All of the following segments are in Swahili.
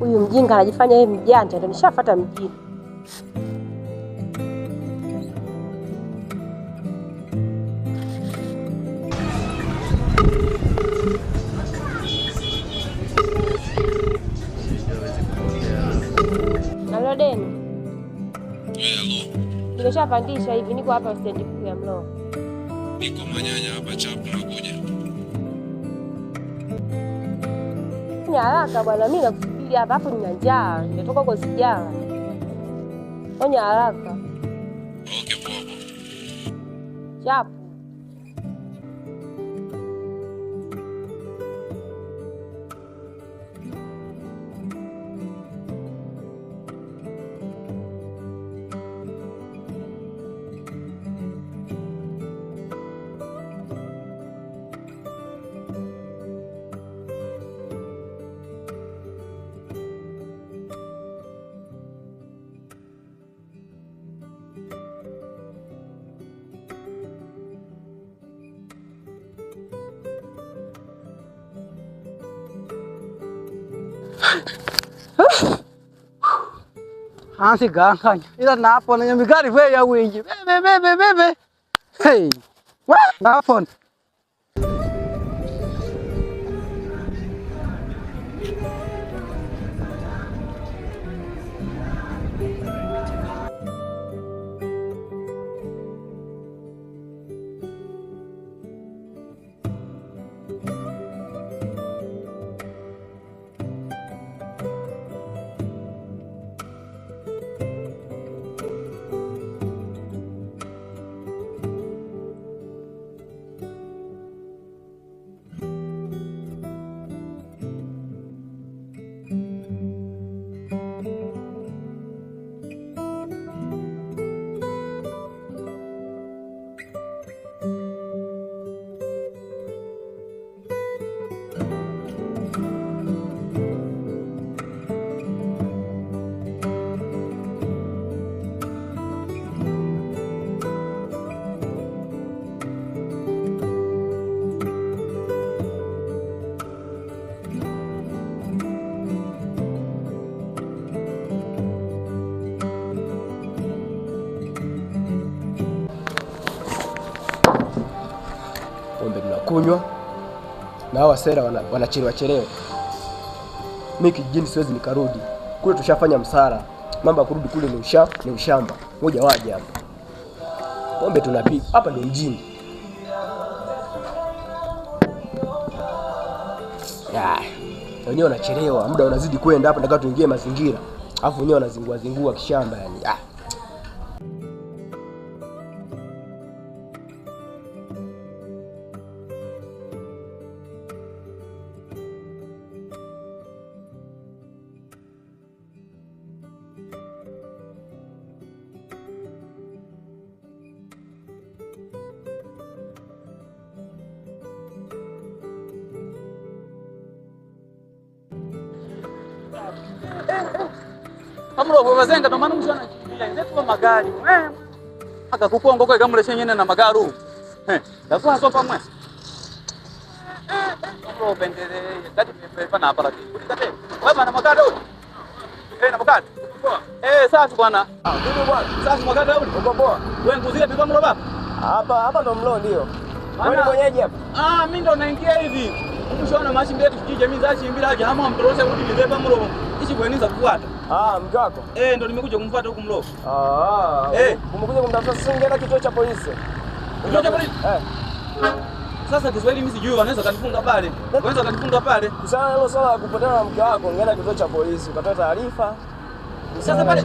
huyu mjinga anajifanya yeye mjanja, ndio nishafuata mjini. Alodeni, nimeshapandisha hivi, niko hapa stendi kuu ya Mlowo. Niko Manyanya hapa chapu, nakuja haraka bwana, mimi kuja hapa hapo, nina njaa, nimetoka kwa sijala. Onya haraka. Okay, chapo ansiganganya ila napona nyamigari ve ya winji bebe bebe bebe hey wa napona wanakunywa na hao wasera wanachelewa chelewa. Mimi kijijini siwezi nikarudi kule, tushafanya msara, mambo ya kurudi kule ni usha ni ushamba. Moja waje hapa pombe tunapiga hapa, ndio mjini. Wenyewe wanachelewa, muda unazidi kwenda, hapa nataka tuingie mazingira, alafu wenyewe wanazingua zingua kishamba yani ah. kamulovu vazenga ndo maana mshana ilenzetuwa magari eh, akakukongo ikamuleshe nyene na magaru dakuaso pamwe kamulovendereye kati panapala vana makada uli na makada sasi eh, eh, bwana ah, sasi makada uli wenguzile pipamulo baba hapa hapa ndo mlo ndio mwenyeji hapa ah mimi ndo naingia hivi umshona mashimbi yetu kijamii zashimbira haja hama mtoroshe kuti ndize pamulo za kuwata Ah, mkako. Eh, ndo nimekuja kumfuata huko Mlofu. Ah, ah. Eh, umekuja kumtafuta sasa ungeenda kituo cha polisi. Kituo cha polisi? Eh. Sasa Kiswahili mimi sijui, wanaweza kanifunga pale. Wanaweza kanifunga pale. Sasa hilo swala la kupotana na mke wako, ungeenda kituo cha polisi, ukatoa taarifa. Sasa eh. pale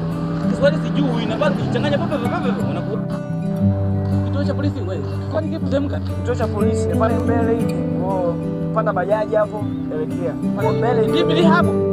Kiswahili sijui, na bado kichanganya papa papa papa unakuwa. Kituo cha polisi wewe. Kwani kipi temka? Kituo cha polisi ni pale mbele hivi. Oh, panda bajaji hapo, elekea. Pale mbele. Kipi hapo?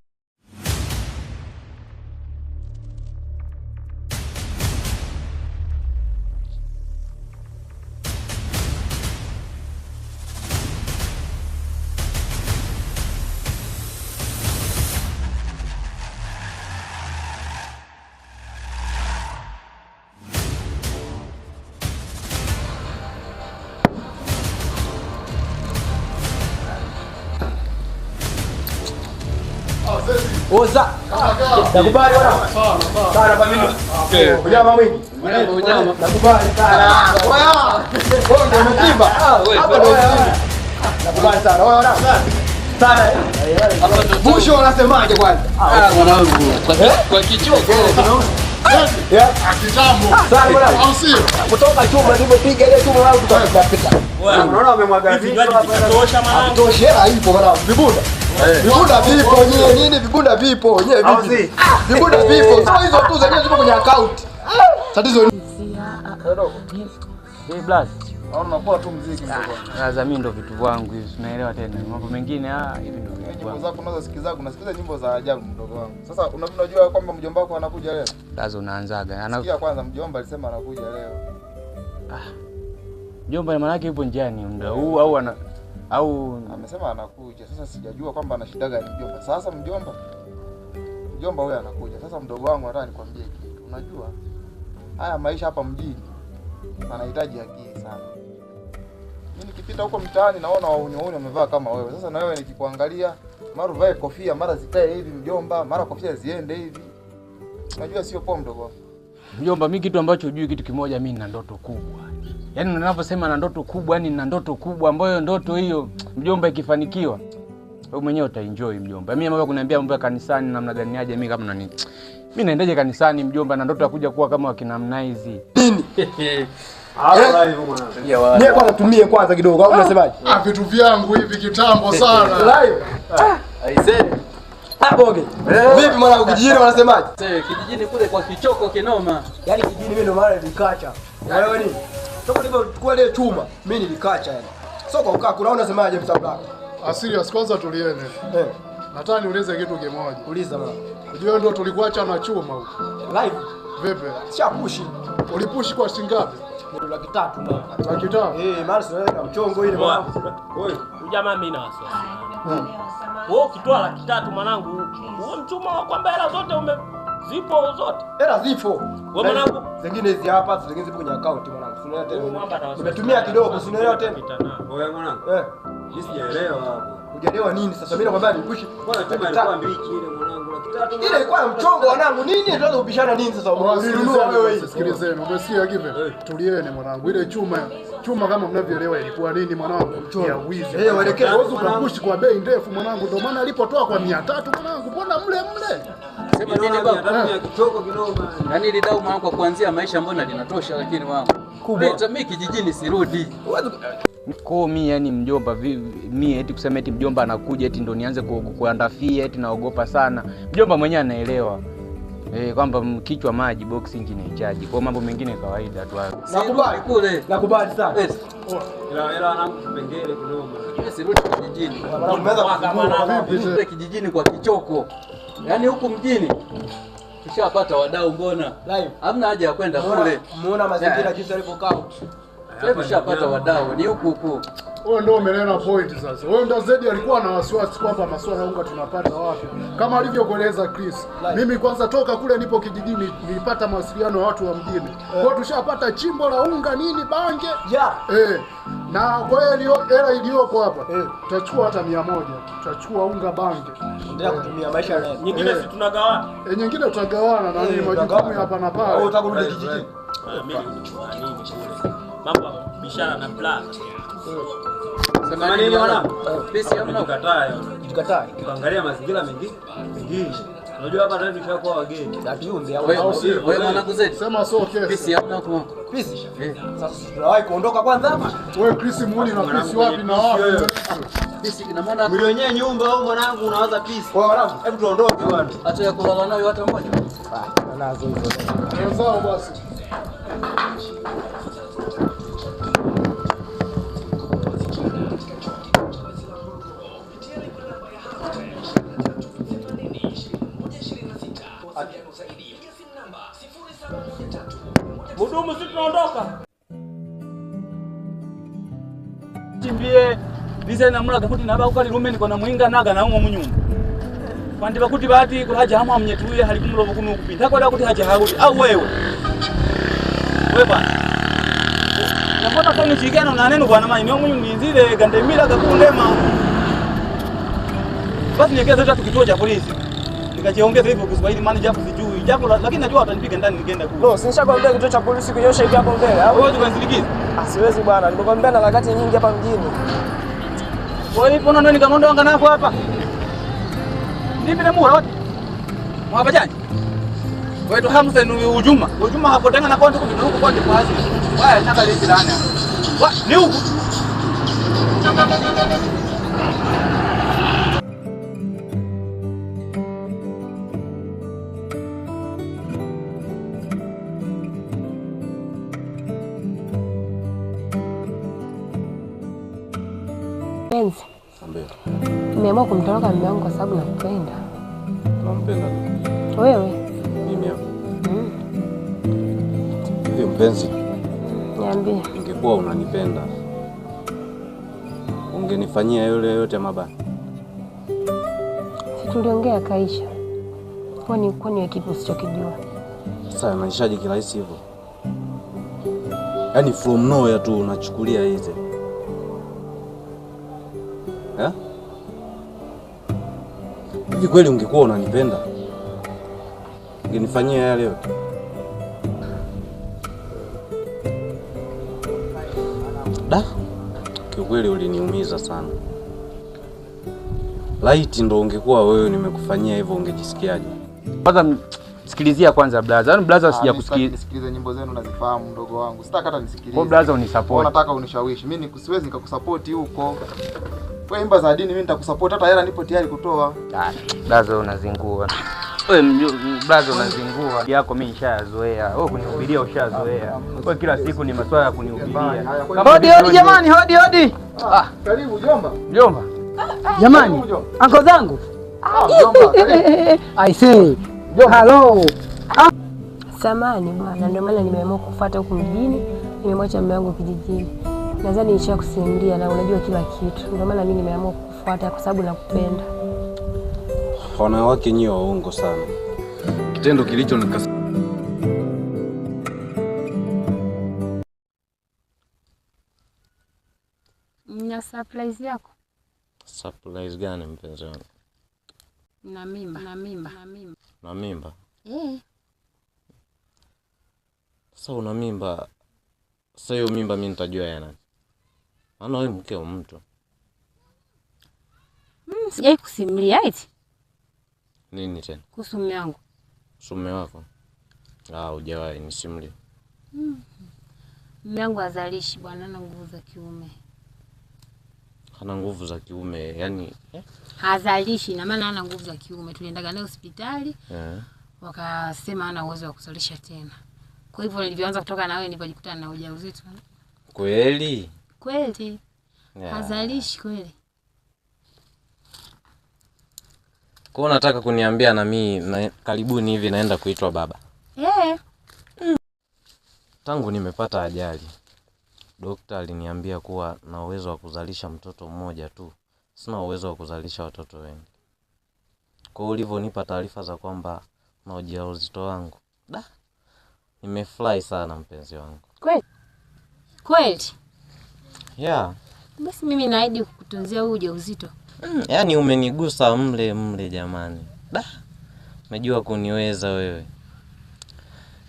Oza. Nakubali bwana. Sana kwa mimi. Okay. Ujamaa mwingi. Ujamaa. Nakubali sana. Wewe. Wewe ndio umekimba. Hapo ndio Nakubali sana. Wewe bwana. Sana. Busho unasemaje kwanza? Ah, eh? mwanangu. Kwa eh? kwa kichoko. Eh, yeah. Ah, ah, Kutoka chumba nilipopiga ile chumba Unaona amemwaga vipi? Tosha maana. Tosha hela bwana. Vibunda. Eh. Vibunda vipo nyewe nini? Vibunda vipo nyewe vipi? Vibunda vipo. Sio hizo tu zenyewe zipo kwenye account. Tatizo ni Hey blast. Unakuwa tu mziki mdogo. Ah, mimi ndo vitu vyangu hivi, unaelewa tena. Mambo mengine ah, hivi ndo vitu nyimbo zako unazo sikiza, unasikiza nyimbo za ajabu mdogo wangu. Sasa unajua kwamba mjomba wako anakuja leo? Lazo unaanzaga. Anakuja kwanza mjomba alisema anakuja leo. Ah. Mjomba maana yake yupo njiani muda huu au ana au amesema anakuja. Sasa sijajua kwamba shida gani mjomba. Sasa mjomba mjomba huyo anakuja. Sasa mdogo wangu, nataka nikwambie kitu. Unajua haya maisha hapa mjini anahitaji akili sana. Mimi nikipita huko mtaani naona waunyouni wamevaa kama wewe. Sasa na wewe nikikuangalia, mara uvae kofia, mara zikae hivi mjomba, mara kofia ziende hivi. Unajua sio poa mdogo. Mjomba, mimi kitu ambacho jui kitu kimoja, mimi nina ndoto kubwa yaani unaposema na ndoto kubwa, yani na ndoto kubwa ambayo ndoto hiyo mjomba, ikifanikiwa wewe mwenyewe utaenjoy mjomba. Mimi mambo kuniambia mambo ya kanisani namna gani aje, mimi kama nani, mimi naendaje kanisani mjomba, na ndoto ya kuja kuwa kama wakina Ni kwa natumie kwanza kidogo, au unasemaje? Ah, Vitu vyangu hivi kitambo sana. Live. Ah, Vipi mwanangu, kijijini wanasemaje? Kijijini kule kwa kichoko kinoma. Yaani kijijini mimi ndo mara nikacha. Wewe ni Toka nilipochukua ile chuma mimi nilikacha yani. So kwa ukaa kuna unasemaje msabaka? Ah, serious kwanza tuliene. Eh. Nataka niulize kitu kimoja. Uliza mama. Unajua ndio tulikuacha na chuma huko. Live. Vipi? Sha pushi. Ulipushi kwa shilingi ngapi? Laki tatu bwana. Laki tatu. Eh, mara sio mchongo ile mama. Wewe, ujamaa mimi na wasiwasi. Wewe ukitoa laki tatu mwanangu, huo mchuma wako mbele zote ume zipo zote, hela zipo. Wewe mwanangu, zingine hizi hapa, zingine zipo kwenye account mwanangu, unaelewa tena. Nimetumia kidogo, unaelewa tena. Wewe mwanangu, eh, mimi sijaelewa hapo. Hujaelewa nini sasa? Mimi nakwambia nikushi, bwana tuma kwa mbiki ile mwanangu, laki tatu ile ilikuwa mchongo wanangu. Nini Ndio kubishana nini sasa? Unanunua wewe hii. Sikilizeni, umesikia kipi? Eh. Tulieni mwanangu, ile chuma chuma kama mnavyoelewa ilikuwa nini mwanangu, ya wizi. Eh, waelekea huwezi kukushi kwa bei ndefu mwanangu, ndio maana alipotoa kwa 300 mwanangu, mbona mle mle Yaani ile dau mwanangu kwa kuanzia maisha mbona linatosha lakini wangu. Kubwa. Mimi kijijini sirudi. Ko mi yani mjomba mi eti kusema eti mjomba anakuja eti ndo nianze kuandafia eti naogopa sana. Mjomba mwenyewe anaelewa. Eh, kwamba kichwa maji box engine haichaji. Kwa mambo mengine kawaida tu hayo. Nakubali kule. Nakubali sana. Yes. Oh, ila ila na kipengele kidogo. Sirudi kijijini. Kijijini kwa kichoko. Yaani huku mjini tushapata wadau, mbona hamna haja ya kwenda kule. Umeona eh. mazingira jinsi yalivyokaa, eh, tushapata wadau, ni huku huku. Wewe ndio umenena point sasa. Wewe ndio zaidi alikuwa na wasiwasi kwamba masuala ya unga tunapata wapi? Kama alivyokueleza Chris. Mimi kwanza toka kule nipo kijijini nilipata mawasiliano na watu wa mjini. Kwa hiyo eh. tushapata chimbo la unga nini bange? Yeah. Eh. Na kwa hiyo hela iliyoko hapa tutachukua hata 100. Tutachukua unga bange tunaendelea kutumia maisha nyingine, si tunagawana eh, nyingine tutagawana na ni eh, majukumu hapa na eh, pale. Wewe utakurudi eh, kijijini, mambo ya na plan sema nini bwana, pesa hamna, ukatae ukatae, tukaangalia mazingira mengine mengine Unajua hapa ndio nishakuwa wageni. Dakiunze au au si wewe mwanangu Zedi. Sema so kesho. Pisi hapo kwa. Pisi. Eh. Sasa tunawahi kuondoka kwanza hapa. Wewe Chris muuni na pisi wapi na wapi? Pisi kina mwana. Mwili wenyewe nyumba au mwanangu unawaza pisi. Kwa mwanangu, hebu tuondoke bwana. Acha ya kulala nayo hata moja. Ah, nazo hizo. Wenzao basi. tunaondoka. Timbie dizaini amula gakuti naba ukali rumeni kona muinga naga na umu munyumba. Kwandi bakuti bati kuhaja hamu amnyetuye hali kumulobo kumu kupinda kwa kuti haja hauli au wewe. Wewe bwana. Nakota kama chigano na neno bwana mimi gande mira gandemira gakundema. Basi nyekeza tatu kituo cha polisi. Nikajiongeza hivyo Kiswahili manager hili jambo, lakini najua watanipiga ndani nikienda kule. No, sinishakwambia kituo cha polisi kunyosha hivi hapo mbele au wewe unasindikiza? Ah, siwezi bwana, nimekwambia na harakati nyingi hapa mjini. Wewe ipo nani nikamondo anga nako hapa? Nipi na mura watu? Mwabajaji. Wewe tu Hamza ni ujuma. Ujuma hapo tena na konti kupita huko konti kwa hazina. Waya nataka lisi ndani. Wa, ni huko. Nimeamua kumtoroka mume wangu kwa sababu nakupenda. Nampenda wewe hivyo mm. Mpenzi, niambie, ingekuwa unanipenda ungenifanyia yule yote mabaya? Si tuliongea kaisha, kwani kwani ya kipo sichokijua. Sasa naishaje kirahisi hivyo? Yaani from nowhere tu unachukulia hizi Hivi kweli ungekuwa unanipenda ungenifanyia haya leo? Da, kiukweli uliniumiza sana. Laiti ndo ungekuwa wewe, nimekufanyia hivyo ungejisikiaje? Kwanza nisikilizia kwanza brother. Yaani brother ah, sija sijakusikiliza. Nisikilize nyimbo zenu nazifahamu mdogo wangu. Sitaka hata nisikilize. Kwa brother unisupport. Unataka unishawishi. Mimi nikusiwezi nikakusupport huko. Kwa imba za dini mimi nitakusupport hata hela nipo tayari kutoa. Ah, brother unazingua. Wewe brother unazingua. Yako mimi nishazoea. Wewe kunihubiria ushazoea. Wewe kila siku ni maswala ya kunihubiria. Hodi hodi jamani, hodi hodi. Ah, ah. karibu jomba. Jomba. Jamani, anko zangu. Ah, jomba. Aisee. Hello. Ah. Samani bwana, ndio maana nimeamua kufuata huku mjini, nimemwacha mume wangu kijijini. Nadhani nisha kusimulia na unajua kila kitu, ndio maana mimi nimeamua kufuata kwa sababu nakupenda. Wanawake nyie waongo sana, kitendo kilicho nikas na surprise yako. Surprise gani mpenzi wangu? na mimba na mimba na mimba eh. Sasa una mimba sasa, hiyo mimba mimi nitajua yana maana wewe mke wa mtu mimi sijai kusimulia eti nini tena kuhusu mume wangu wako? Ah, hujawahi nisimulie. Hmm. Mume wangu azalishi bwana na nguvu za kiume ana nguvu za kiume yani eh? hazalishi na maana ana nguvu za kiume. Tuliendaga naye hospitali yeah. Wakasema ana uwezo wa kuzalisha tena. Kwa hivyo nilivyoanza kutoka nawe nilipojikuta na ujauzito. Kweli kweli yeah. hazalishi kweli. Kwa nataka kuniambia na mimi na karibuni hivi naenda kuitwa baba yeah. mm. Tangu nimepata ajali Dokta aliniambia kuwa na uwezo wa kuzalisha mtoto mmoja tu, sina uwezo wa kuzalisha watoto wengi. Kwa ulivyonipa taarifa za kwamba na ujauzito wangu, da, nimefurahi sana mpenzi wangu. Kweli kweli, yeah. Basi mimi naahidi kukutunzia huu ujauzito. Mm, yaani umenigusa mle mle, jamani, da, umejua kuniweza wewe.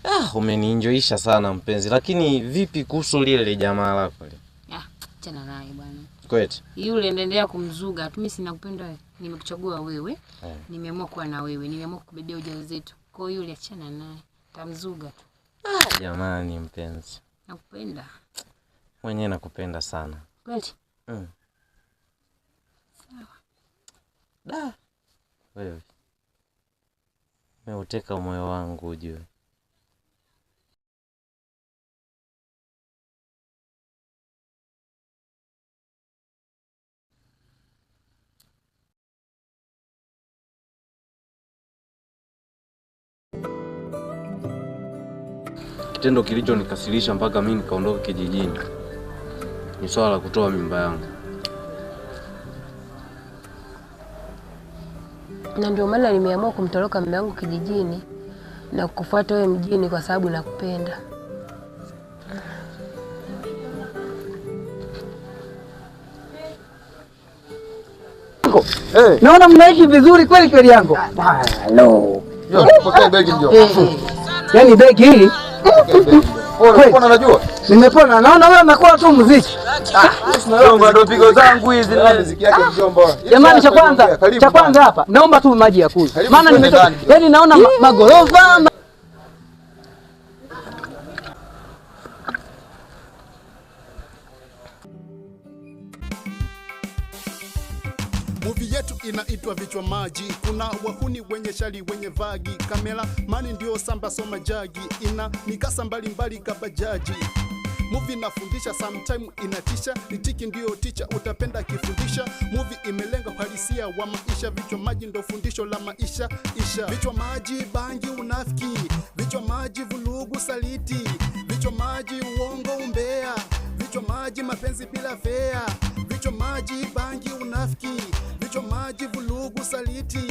Ah, umeniinjoisha sana mpenzi, lakini vipi kuhusu lile jamaa lako lile? Ah, tena naye bwana. Kweti. Yule endelea kumzuga. tu, Mimi sinakupenda wewe. Nimekuchagua wewe. Yeah. Nimeamua kuwa na wewe. Nimeamua kukubedia ujauzito. Kwa hiyo yule achana naye. Tamzuga tu. Ah, jamani mpenzi. Nakupenda. Mwenyewe nakupenda sana. Kweli? Mm. Sawa. Da. Wewe. Umeuteka moyo wangu ujue. Kitendo kilichonikasirisha mpaka mimi nikaondoka kijijini ni swala la kutoa mimba yangu, na ndio maana nimeamua kumtoroka mume wangu kijijini na kukufuata wewe mjini, kwa sababu nakupenda. Hey. Naona mnaishi vizuri kweli kweli yangu. Ah, eh. Yaani begi hili najua. Nimepona. Naona wewe umekuwa tu muziki. Ah, pigo zangu hizi na muziki yake ah, mjomba. Jamani cha kwanza, cha kwanza hapa. Naomba tu maji ya kunywa. Maana nimetoka. Yaani naona magorofa inaitwa vichwa maji. Kuna wahuni wenye shari wenye vagi, kamera mani ndio samba soma jagi, ina mikasa mbalimbali kabajaji Movie nafundisha sometime inatisha, nitiki ndiyo ticha, utapenda kifundisha. Movie imelenga uhalisia wa maisha, vichwa maji ndo fundisho la maisha isha. Vichwa maji, bangi, unafiki, vichwa maji, vulugu, saliti, vichwa maji, uongo, umbea, vichwa maji, mapenzi bila fea vichomaji, bangi, unafiki, vichomaji, vulugu, saliti